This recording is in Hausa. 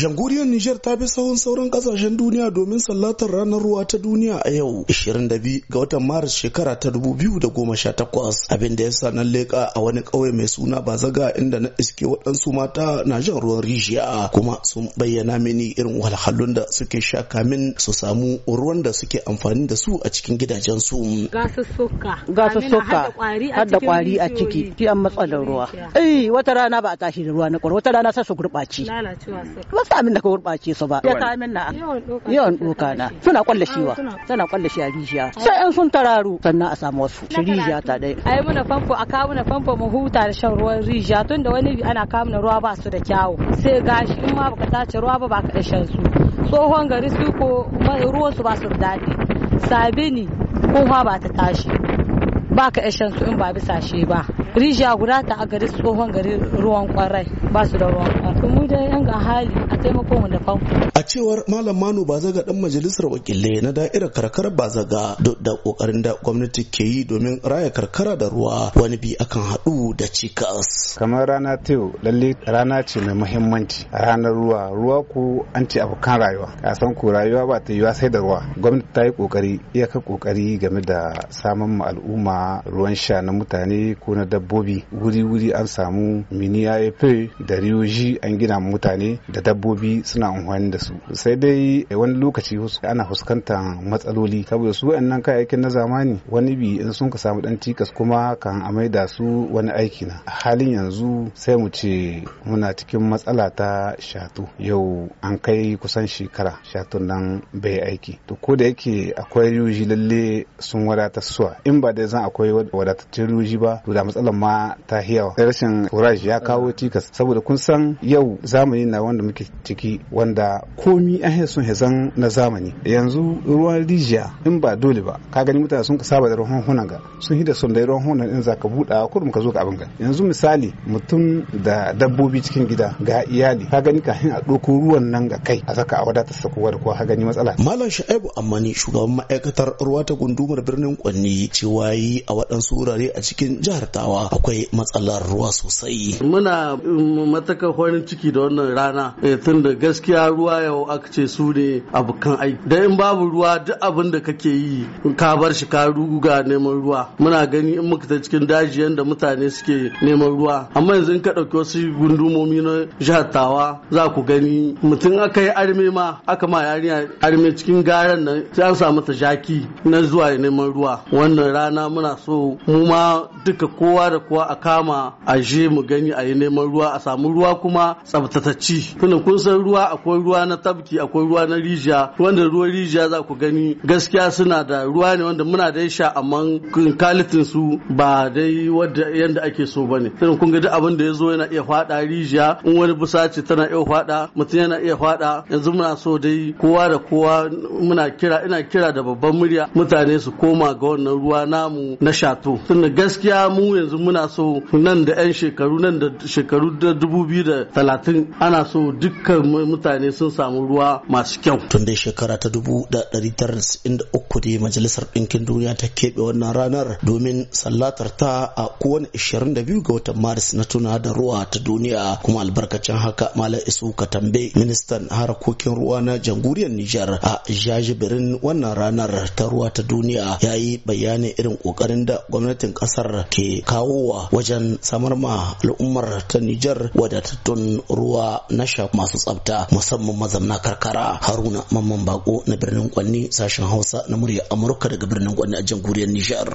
Jamhuriyar Nijar ta bi sahun sauran kasashen duniya domin sallatar ranar ruwa ta duniya a yau 22 ga watan Maris shekara ta 2018 abin da ya sa nan leƙa a wani ƙauye mai suna Bazaga inda na iske waɗansu mata na jan ruwan rijiya kuma sun bayyana mini irin walhalun da suke sha kamin su samu ruwan da suke amfani da su a cikin gidajen su. Gasa soka. Hadda kwari a ciki. Ki an matsalar ruwa. Eh wata rana ba a tashi da ruwa na kwar wata rana sai su gurɓaci. Lalacewa. sa min da ka gurɓace su ba. Ya kawo min na. Yawan ɗoka na. Suna kwallashewa. Ah, suna shi a rijiya. Sai an sun tararu sannan a samu wasu. Shi rijiya ta dai. A yi muna famfo a kawo muna famfo mu huta da shan ruwan rijiya tun da wani ana kawo muna ruwa ba su da kyawu. Sai gashi in ma baka tace ruwa ba ba ka shan su. Tsohon gari su ko ruwan su ba su da daɗi. Sabini kowa ba ta tashi. ba ka shan su in ba bisa shi ba rijiya guda ta a gari tsohon gari ruwan kwarai ba su da ruwan kwarai mu dai yan hali a taimako mu da famfo a cewar malam manu bazaga dan majalisar wakilai na da'irar karkarar bazaga duk da kokarin da gwamnati ke yi domin raya karkara da ruwa wani bi akan haɗu da cikas kamar rana tiyo lalle rana ce mai muhimmanci ranar ruwa ruwa ko an ce abokan rayuwa Ka san ko rayuwa ba ta yiwa sai da ruwa gwamnati ta yi kokari iyaka kokari game da samun al'umma ruwan sha na mutane ko na dabbobi wuri-wuri an samu mini yafe da riyoji an gina mutane da dabbobi suna amfani da su sai dai wani lokaci ana fuskantar matsaloli saboda su wayannan kayayyakin na zamani wani bi in sun ka samu dan cikas kuma kan amai da su wani aiki na halin yanzu sai mu ce muna cikin matsala ta shatu yau an kai kusan shekara shatun nan bai aiki to ko da yake akwai riyoji lalle sun wadatar suwa in ba da zan akwai wadataccen ruji ba to da matsalar ma ta hiyawa rashin courage ya kawo ah. cikas saboda kun san yau zamani na wanda muke ciki wanda komi an sun hezan na zamani yanzu ruwan rijiya in ba dole ba ka gani mutane sun saba da ruwan hunan ga sun hida son da ruwan hunan in zaka buɗa kurum ka zo ka abin ga yanzu misali mutum da dabbobi cikin gida ga iyali ka gani ka hin a ɗauko ruwan nan ga kai a saka a wadatar sa kowa da kowa ka gani matsala malam sha'ibu amani shugaban ma'aikatar ruwa ta gundumar birnin kwanni cewa yi a waɗansu wurare a cikin jihar tawa akwai matsalar ruwa sosai muna mm, mataka farin ciki da wannan rana eh, tun da gaskiya ruwa yau aka ce su ne abokan aiki da in babu ruwa duk abin da kake yi ka bar shi ka ruga neman ruwa muna gani in muka ta cikin daji yadda mutane suke neman ruwa amma yanzu in ka ɗauki wasu gundumomi na jihar tawa za ku gani mutum aka yi arme ma aka ma yarinya arme cikin garan nan sai an samu ta jaki na zuwa neman ruwa wannan rana muna ana so mu ma duka kowa da kowa a kama a je mu gani a yi neman ruwa a samu ruwa kuma tsabtatacci tunda kun san ruwa akwai ruwa na tabki akwai ruwa na rijiya wanda ruwan rijiya za ku gani gaskiya suna da ruwa ne wanda muna da sha amma kalitin su ba dai wadda yanda ake so bane tunda kun ga duk abin da ya zo yana iya fada rijiya in wani busa ce tana iya fada mutum yana iya fada yanzu muna so dai kowa da kowa muna kira ina kira da babban murya mutane su koma ga wannan ruwa namu na shato tunda gaskiya mu yanzu muna so nan da 'yan shekaru nan da shekaru da dubu biyu da talatin ana so dukkan mutane sun samu ruwa masu kyau tun dai shekara ta dubu da ɗari tara da uku ne majalisar ɗinkin duniya ta keɓe wannan ranar domin sallatar ta a kowane biyu ga watan maris na tuna da ruwa ta duniya kuma albarkacin haka malam isu katambe ministan harkokin ruwa na jamhuriyar nijar a jajibirin wannan ranar ta ruwa ta duniya ya yi bayanin irin ƙoƙarin kokarin da gwamnatin kasar ke kawowa wajen samar ma al'ummar ta Nijar wadatattun ruwa na sha masu tsafta musamman mazamna karkara Haruna Mamman Bako na birnin Kwanni sashen Hausa na murya Amurka daga birnin Kwanni a jamhuriyar Nijar.